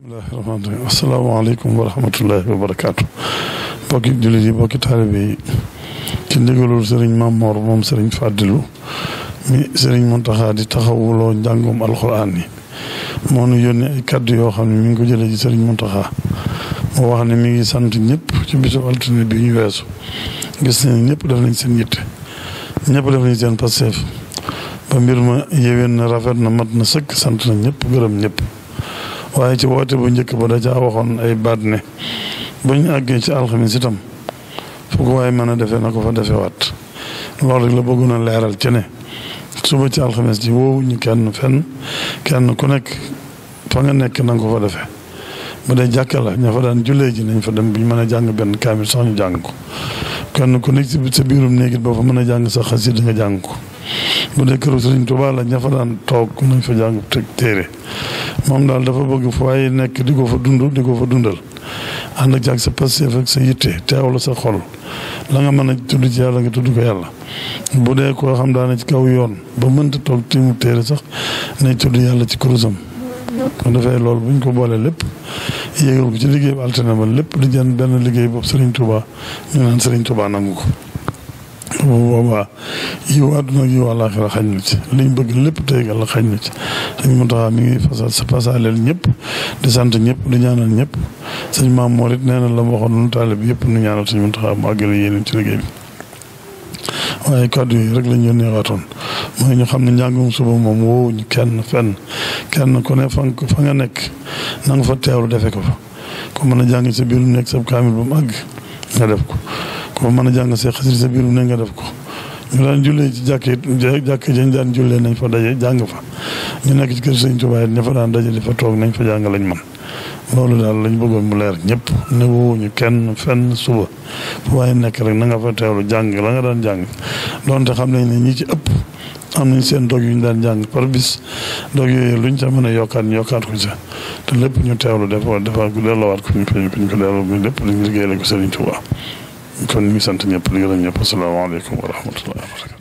bismillahi rahmaani rahiim asalaamaaleykum wa rahmatullahi wa barakaatu bokki jullit yi bokki taalibe yi ci ndigalul sëriñ Mamor moom sëriñ Fàddilu mi sëriñ Muntaxa di taxawuloo njàngum alxuraan yi moo nu yónni ay kàddu yoo xam ne mi ngi ko jëlee ci sëriñ Muntaxa moo wax ne mi ngi sant ñëpp ci bisu altine bi ñu weesu gis nañ ñëpp def nañ seen yitte ñëpp def nañ seen passeef ba mbir ma yéwén na rafet na mat na sëkk sant na ñëpp gërëm ñëpp waaye ci woote bu njëkk ba da caa waxoon ay baat ne bu ñu àggee ci alxamis itam foo ko waaye mën a defe na ko fa defewaat loolu rek la bëggoon leeral ci ne suba ci alxamis ji woowu ñu kenn fenn kenn ku nekk fa nga nekk na nga ko fa defee bu dee jàkka la ña fa daan jullee ji nañ fa dem bu ñu mën a benn kaamil sax ñu jàng ko kenn ku nekk sa biirum néegit boo fa mën a jàng sax xasida nga jàng ko bu dee këru Sëriñ Tuubaa la ña fa daan toog nañ fa jàng teg téere moom daal dafa bëgg fu ay nekk di ko fa dund di ko fa dundal ànd ak jàng sa passeef ak sa yitte teewlu sa xol la nga mën a tudd ci yàlla nga tudd ko yàlla bu dee koo xam daane ci kaw yoon ba mënta toog tiimu téere sax nay tudd yàlla ci kurusam kon defee loolu buñ ko boolee lépp yéegal ko ci liggéey bu altine ba lépp di jënd benn liggéey boobu sëriñ Touba ñu naan Serigne Touba nangu ko bu boobaa yiw àdduna ak yiw àllaaxira xañ na ci liñ bëgg lépp tey la xañ na ci sëñ Muntaxa mi ngi fasal sa pasaleel ñëpp di sant ñëpp di ñaanal ñëpp sëñ Maam Moor it nee la waxoon nu taalib yëpp nu ñaanal sëñ Muntaxa mu àggale yéenam waaye kàddu yi rek lañ yónnee waatoon mooy ñu xam ne njàngum suba moom woowuñu kenn fenn kenn ku ne fa fa nga nekk na nga fa teewlu defe ko fa ko mën a jàng sa biir nekk sa kaamil ba mu àgg nga def ko ko mën a jàng see xasida sa biir ne nga def ko ñu daan jullee ci jàkk ja jañ daan jullee nañ fa daje jàng fa ñu nekk ci kër sëñ Tuubaa it ña fa daan toog nañ fa jàng lañ man loolu daal lañ bëggoon mu leer ñëpp ne woowuñu kenn fenn suba waaye nekk rek na nga fa teewlu jàng la nga daan jàng donte xam nañ ni ñii ci ëpp am nañ seen dog yu ñu daan jàng par bis dog yooyu luñ ca mën a yokkaat ñu yokkaat ko ca te lépp ñu teewlu defa defa delloowaat ko ñu ko ñu ko delloo lépp liggéey lañ ko Sëriñ Tuubaa تعلمي سنتين يا بليغ يا السلام عليكم ورحمه الله وبركاته